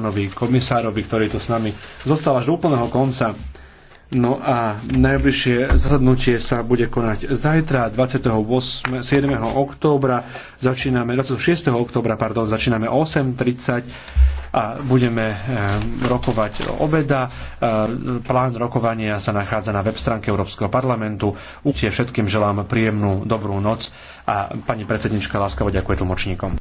pánovi komisárovi, ktorý tu s nami zostal až do úplného konca. No a najbližšie zasadnutie sa bude konať zajtra, 27. októbra. Začíname, 26. októbra, pardon, začíname 8.30 a budeme eh, rokovať obeda. Eh, plán rokovania sa nachádza na web stránke Európskeho parlamentu. Určite všetkým želám príjemnú dobrú noc a pani predsednička láskavo ďakuje tlmočníkom.